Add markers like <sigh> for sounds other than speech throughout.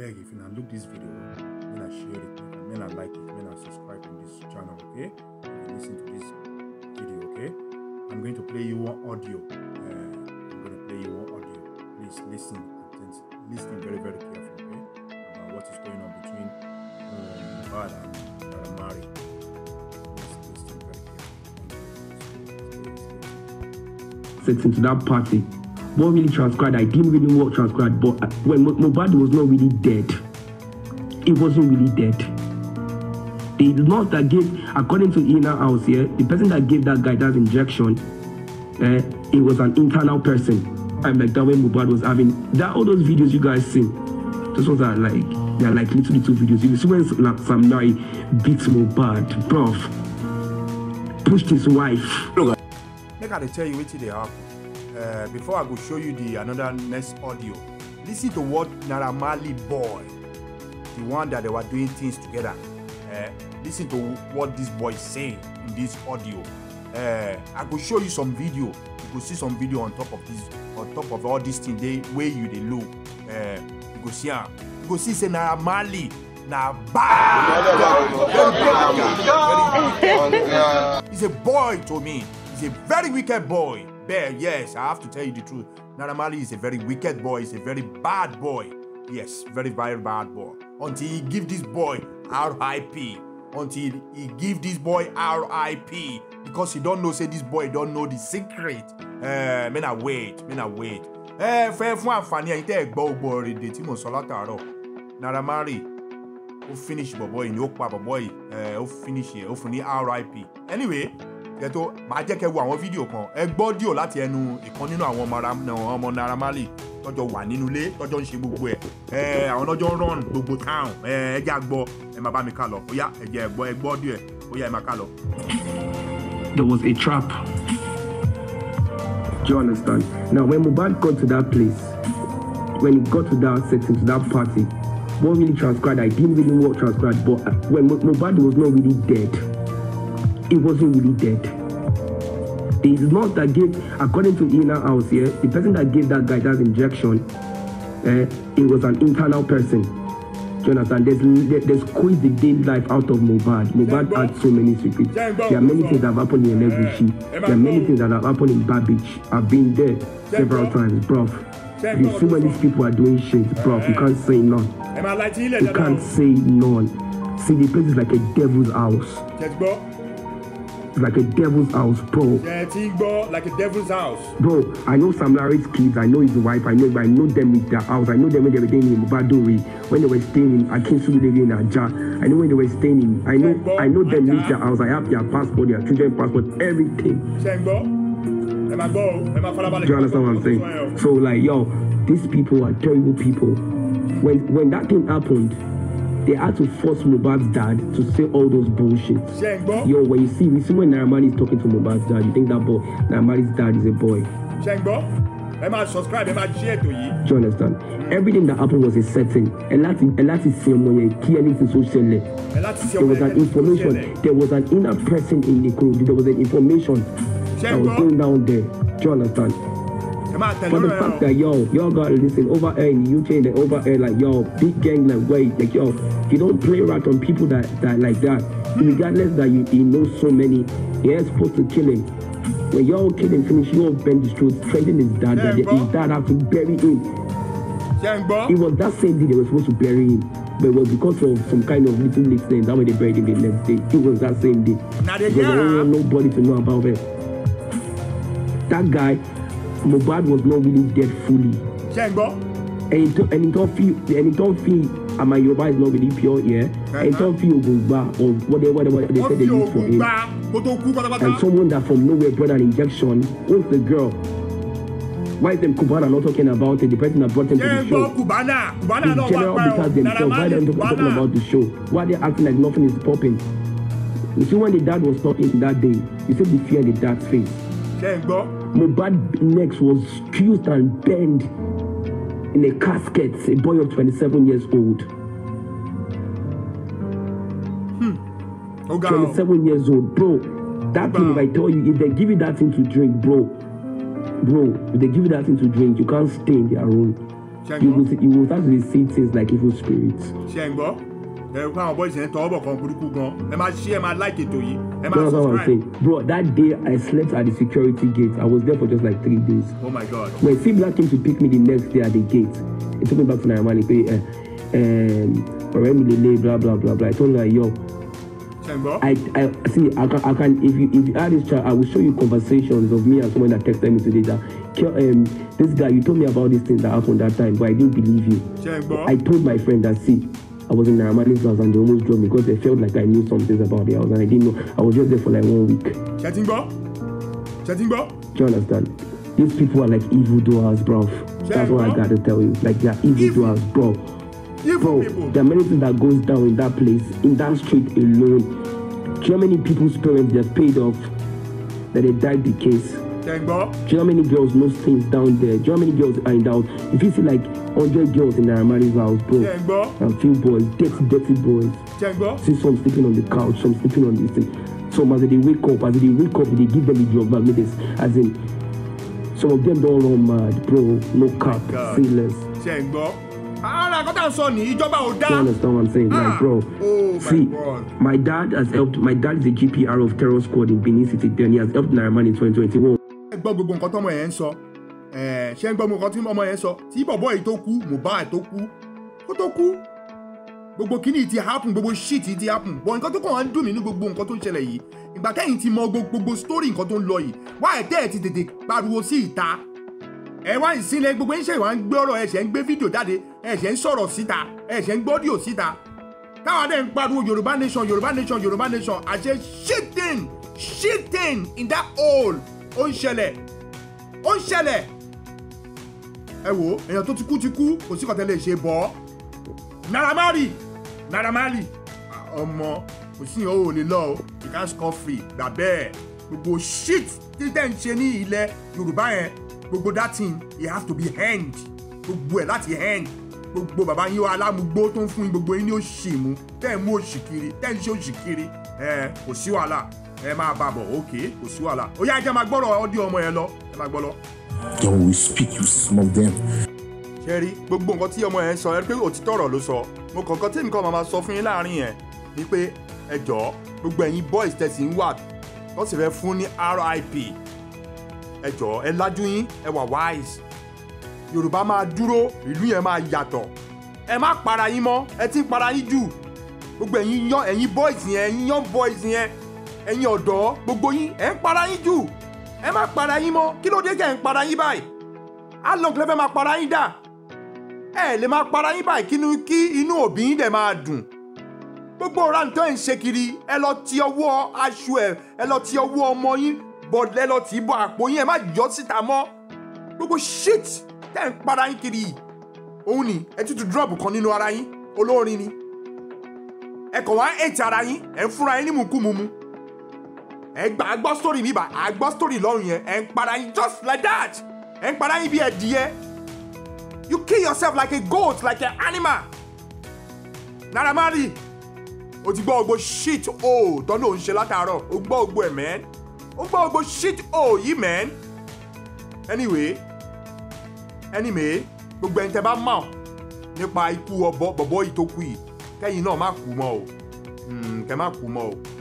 beg if you now look this video when I share it when I like it when I subscribe to this channel okay and listen to this video okay I'm going to play you one audio uh, I'm going to play you one audio please listen listen very very carefully okay about what is going on between um, Bad and uh, Mari Sit into that party what really transcribed, I didn't really know what transcribed, but when Mobad was not really dead, it wasn't really dead. The nurse that gave, according to Ina House here, the person that gave that guy that injection, eh, it was an internal person. I'm like that when Mubad was having that all those videos you guys see, those ones are like they are like little little videos. You see when like, Sam Nai beats Mubad, bruv, pushed his wife. Look, I gotta tell you what they happen. uh, before I go show you the another next audio, listen to what Naramali boy, the one that they were doing things together. Uh, listen to what this boy is saying in this audio. Uh, I go show you some video. You go see some video on top of this, on top of all these things. They way you they look. Uh, you go see am. You go see say Naira na bad. <laughs> He's a boy to me. He's a very wicked boy bear. Yes, I have to tell you the truth. Naramali is a very wicked boy. He's a very bad boy. Yes, very, very bad boy. Until he give this boy R.I.P. Until he give this boy R.I.P. Because he don't know, say this boy don't know the secret. Uh, men I wait, men I wait. Eh, fẹ́ fún àǹfààní ẹ̀yin take ẹ̀ gbọ́ ogbó òrèdè tí mò ń sọ látàárọ̀ Naira finish boy. yìí ni ó pa bọ̀bọ̀ yìí eh, ó finish here. ó finish RIP anyway yẹn màá jẹ́ kẹ́ wo àwọn fídíò kan ẹ gbọ́ díò láti ẹnu ìkan nínú àwọn ọmọ Naira Marley tọ́jọ́ wà nínú ilé tọ́jọ́ ń ṣe gbogbo ẹ̀ ẹ àwọn lọ́jọ́ ń rọrùn gbogbo town ẹ ẹ jẹ́ àgbọ̀ ẹ máa bá mi ká lọ ó yá ẹ jẹ́ ẹ ẹ gbọ́ díò ẹ ó yá ẹ máa ká lọ. There was a trap. Do you understand? Now when Mohbad got to that place, when he got to that setting, to that party, what really transpired, I didn't really know what transpired, but uh, when Mohbad was not really dead. it wasn't really dead. The nurse that gave, according to Ina House here, the person that gave that guy that injection, it eh, was an internal person. Do you understand? There's, there's squeezed the life out of Mubad. Mubad had so many secrets. There are many things that have happened in Elevishi. Eh, eh, there are many things that have happened in Babbage. I've been there several times, bro. You see when these people are doing shit, bro, you can't say none. You can't say none. See, the place is like a devil's house. like a devil's house, bro. bro. like a devil's house. Bro, I know Sam Larry's kids, I know his wife, I know I know them with their house, I know them when they were staying in Baduri, when they were staying in Akinsu in Aja, I know when they were staying in, I know Shengbo, I know them with their house, I have their passport, their children's passport, everything. Am Am I I Shengbo. Do you understand what I'm saying? So like yo, these people are terrible people. When when that thing happened, they had to force Mohbad's dad to say all those bullshit. Shengbo. Yo, when you see, you see when Naramani is talking to Mohbad's dad, you think that boy, Naramani's dad is a boy. Shengbo. ẹ máa subscribe ẹ máa share to you. do you understand everything that happened was a setting ẹ láti is láti sin ọmọ yẹn kí anything so ṣẹlẹ̀ there was an information there was an inner person in the group. there was an information that was going down there do you understand. Mad, For the fact that yo, y'all gotta listen over here in the UK, and over here like yo, big gang like wait, like yo, you don't play around on people that that like that. Mm. Regardless that you, you know so many, you're supposed to kill him. When y'all kill him, finish, you all bend the truth, trading his dad, yeah, that his dad have to bury him. Yeah, bro. It was that same day they were supposed to bury him. But it was because of some kind of little incident that way they buried him the next day. It was that same day. Now they don't want nobody to know about it. That guy Mohbad was not really dead fully. ṣe ń gbọ́. ẹni tó fi ẹni tó fi and my Yoruba is not really pure here. Yeah? And some feel Ogungba or whatever, whatever they said they used for him. And someone that from nowhere brought an injection, owns the girl. Why is them Cubana not talking about it? The person that brought them to the show. Cubana. Cubana the general officers themselves, why are not talking about the show? Why are they acting like nothing is popping? You see, when the dad was talking that day, you see the fear in the dad's face ṣe ń gbọ́. Mohbad neck was fused and bent in a casket a boy of twenty-seven years old. Hmm. twenty-seven hmm. years old bro that wow. thing if I tell you if they give you that thing to drink bro bro if they give you that thing to drink you can't stay in their room. You will, you will start to see things like evil spirits. Shengbo ẹ kó àwọn boys yẹn tọ́ ọ̀bọ̀ kan burúkú gan ẹ máa ṣí ẹ máa like ètò yìí ẹ máa subscribe. bro that day i slept at the security gate i was there for just like three days. oh my god. when sibla came to pick me the next day at the gate he took me back to naira marley pé eh, ọ̀rẹ́ mi lè lé bla bla bla bla i told her yo. I, I see. I can. I can. If you if you add this chat, I will show you conversations of me and someone that texted me today that um, this guy you told me about this thing that happened that time, but I didn't believe you. I told my friend that see, I was in Naramadi's class and they almost drove me because they felt like I knew something about the house and I didn't know. I was just there for like one week. Chatting, bro. Do you understand? These people are like evildoers, bro. That's what I gotta tell you. Like they're evildoers, bro. bro, there are many things that goes down in that place, in that street alone. Do you know how many people's parents they're paid off that they died the case? Do you know how many girls knows things down there? Do you know how many girls are in doubt? If you see like hundred girls in Naira Marley's house, bro. Yeah, And few boys, dirty, dirty boys. See some sleeping on the couch, some sleeping on this thing. Some as they wake up, as they wake up, they give them the job, but this, as in, some of them don't run mad, bro. No oh cap, oh see less. Yeah, bro. ara kọ́tà sọ ní ìjọba ò dá. you understand what i'm saying ah. like bro oh, see God. my dad has helped my dad is the GPR of terror squad in Benin City then he has helped Naira Marley in 2021. Eh, ṣe ń gbọ́ mo kan tí ọmọ yẹn sọ tí bọ̀bọ̀ yìí tó kú Mohbad tó kú kó tó kú gbogbo kíní ti happen gbogbo shit ti happen bọ̀ nǹkan tó kàn án dùn mí ní gbogbo nǹkan tó ń ṣẹlẹ̀ yìí ìgbà kẹ́yìn ti mọ gbogbo story nǹkan tó ń lọ yìí wá ẹ̀ tẹ́ ẹ̀ ti tètè pariwo sí ìta ẹ wá ìsínlẹ̀ gbogbo ẹ̀ ń ṣe ìwà ń gbé ọ̀rọ̀ ẹ̀ ṣe ń gbé fídíò jáde ẹ̀ ṣe ń sọ̀rọ̀ síta ẹ̀ ṣe ń gbọ́díò síta táwa dẹ̀ ń pariwo Yorùbá nation Yorùbá nation Yorùbá nation àṣẹ shitting shitting in that hole ó ń ṣẹlẹ̀ ó ń ṣẹlẹ̀ ẹ wo èèyàn tó ti kú ti kú kò sí kọ̀tẹ́lẹ̀ ṣe bọ́ Naira Marley Naira Marley ọmọ kò sí ìyàn ò lè lọ o you can't score free gbà bẹ́ẹ̀ gbogbo shit tí tẹ̀ ń ṣe ní ilẹ̀ Yorùbá yẹn gbogbo that thing it has to be hand gbogbo ẹ̀ láti hand gbogbo bàbá yín alámúgbó tó ń fún yín gbogbo yín ní òṣì mú tẹ́ ẹ̀ mú òṣì kiri tẹ́ ẹ̀ ń ṣe òṣì kiri ẹ kò sí wàhálà ẹ máa bàbọ̀ ok kò sí wàhálà ó yá ẹ jẹ́ máa gbọ́rọ̀ ọdí ọmọ yẹn lọ ẹ máa gbọ́ lọ then we will speak You some of them. ṣe rí gbogbo nǹkan tí ọmọ yẹn sọ ẹ pé òtítọ́ ọ̀rọ̀ ló sọ mo kọ̀ọ̀kan tí nǹkan máa sọ fún yín láàrin yẹn ni pé ẹ jọ̀ọ́ gbogbo ẹ̀yin boys tẹ̀sí ń wà tó sì fẹ́ fún ní RIP ẹ jọ̀ọ́ ẹ lájú yín ẹ wà wise Yorùbá máa dúró ìlú yẹn máa yàtọ̀ ẹ má para yín mọ́ ẹ ti ń para yín jù gbogbo ẹ̀yin yan ẹ̀yin boys yẹn ẹ̀yin yan boys yẹn ẹ̀yin ọ̀dọ́ gbogbo yín ẹ ń para yín jù ẹ má para yín mọ́ kí ló dé tẹ̀ ń para yín báyìí á lọ kílẹ̀ fẹ́ máa para yín dà ẹ lè máa para yín báyìí kínú kí inú òbí yín dẹ̀ máa dùn gbogbo ọ̀rá nǹkan ẹ̀ ń ṣe kiri ẹ lọ ti ọwọ́ aṣọ ẹ ẹ lọ ti ọwọ́ ọmọ yín bọ̀dẹ́ lọ tì í bọ àpò yín ẹ má yọ síta mọ́ gbogbo shit tẹ̀ ń para yín kiri yìí òun ni ẹ tútù drop kan nínú ara yín olórin ni ẹ kàn wá ètè ara yín ẹ ń fúnra yín ní mùkúmùmù ẹ gbà á gbọ́ story mi bá á gbọ́ story lọ́rùn yẹn ẹ ń para yín just like that ẹ ń para yín bí ẹdìyẹ you kill yourself like a goat like an animal Naira Marley o ti gbọ́ gbogbo shit o tọ́nu òun ṣe látàárọ̀ o gbọ́ gbogbo ẹ̀ mẹ́n o gbọ́ gbogbo shit o yìí mẹ́n anyway anyway gbogbo ẹni tẹ bá mọ̀ nípa ikú ọbọ bọ̀bọ̀ yìí tó kú yìí kẹ́yìn náà má kú mọ́ o hmm, kẹ́ má kú mọ́ o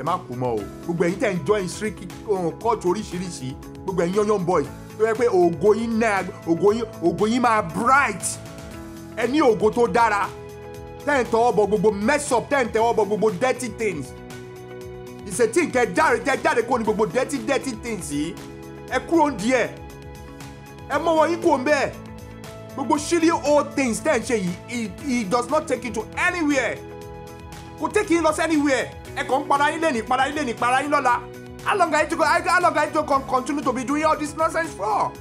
ẹ má kú mọ́ o gbogbo ẹ̀yin tẹ̀ ń join street eh, court oríṣiríṣi gbogbo ẹ̀yin young boy tó yẹ pé ògo yín náà ògo yín ògo yín máa bright ẹ ní ògo tó dára tẹ́ ń tọwọ́ bọ gbogbo mess up tẹ́ ń tẹwọ́ bọ gbogbo dirty things ìṣètì nkẹ jáde jẹ jáde kó ní gbogbo dirty dirty things yìí ẹ kúrò ń díẹ̀ ẹ mọ́wọ́ yín kò ń bẹ́ẹ̀ gbogbo silly old things tẹ́ ń ṣe yìí he does not take you to anywhere kò take you lọ sí anywhere ẹ kàn ń para yín lẹ́nìí para yín lẹ́nìí para yín lọ́la how long are you to go how long are you to continue to be doing all this nonsense for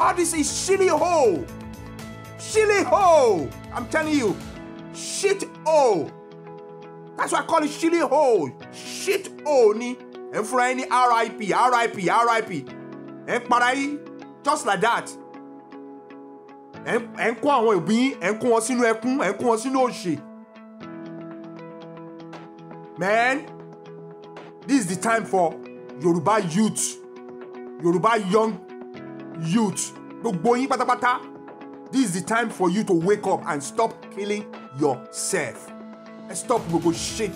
all this is shilly hole shilly hole i'm telling you shit hole that's why i call it shilly hole shit hole ni ẹ fúnra yín ní rip rip rip ẹ para yín just like that ẹ ń kó àwọn òbí yín ẹ ń kó wọn sínú ẹkún ẹ ń kó wọn sínú òṣè. Man, this is the time for Yoruba youth, Yoruba young youth. Gbogbo yín pátápátá. This is the time for you to wake up and stop killing yourself. Let's stop gbogbo shit.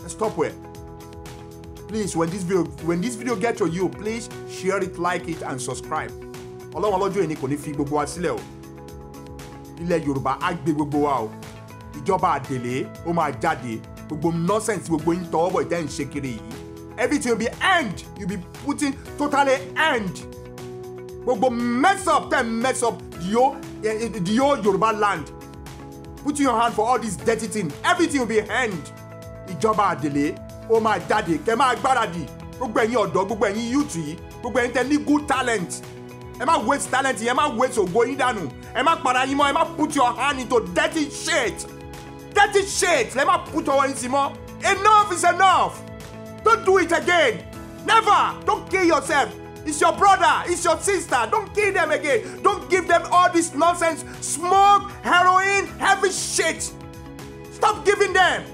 Let's stop where. Please, when this video when this video get to you, please share it, like it and subscribe. Ọlọ́run ọlọ́jọ́ ẹni kò ní fi gbogbo wa sílẹ̀ o. Ilẹ̀ Yorùbá á gbé gbogbo wa o. Ìjọba àdèlé ó máa jáde gbogbo nonsense gbogbo yín tọwọ́ bọ̀ ìtẹ́ ń ṣe kiri yìí everything will be end you be putting totally end gbogbo mess up tẹ́ mess up the whole the whole Yoruba land put your hand for all this dirty thing everything will be end ìjọba àdèlé ó máa jáde kẹ́ máa gbáradì gbogbo ẹ̀yin ọ̀dọ́ gbogbo ẹ̀yin youth yìí gbogbo ẹ̀yin tẹ́ ní good talent ẹ má waste talent yìí ẹ má waste ògo yín dànù ẹ má para yín mọ́ ẹ má put your hand into dirty shit. Dirty shit, let me put on Simo. Enough is enough. Don't do it again. Never. Don't kill yourself. It's your brother. It's your sister. Don't kill them again. Don't give them all this nonsense. Smoke, heroin, heavy shit. Stop giving them.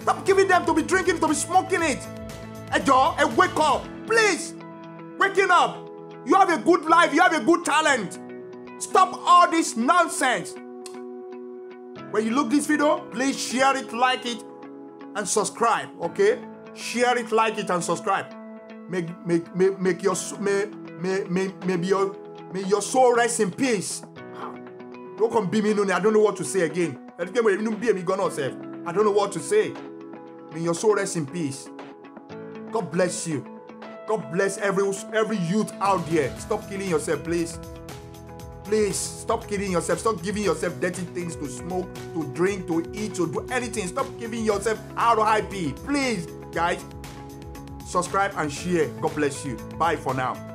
Stop giving them to be drinking, to be smoking it. And door, and wake up. Please. Waking up. You have a good life. You have a good talent. Stop all this nonsense. When you look this video, please share it, like it, and subscribe, okay? Share it, like it, and subscribe. Make, make, make, make your, may, may, may, may, your, may your soul rest in peace. Don't come be me, no I don't know what to say again. I don't know what to say. May your soul rest in peace. God bless you. God bless every every youth out there. Stop killing yourself, please. Please stop killing yourself. Stop giving yourself dirty things to smoke, to drink, to eat, to do anything. Stop giving yourself RIP. Please, guys, subscribe and share. God bless you. Bye for now.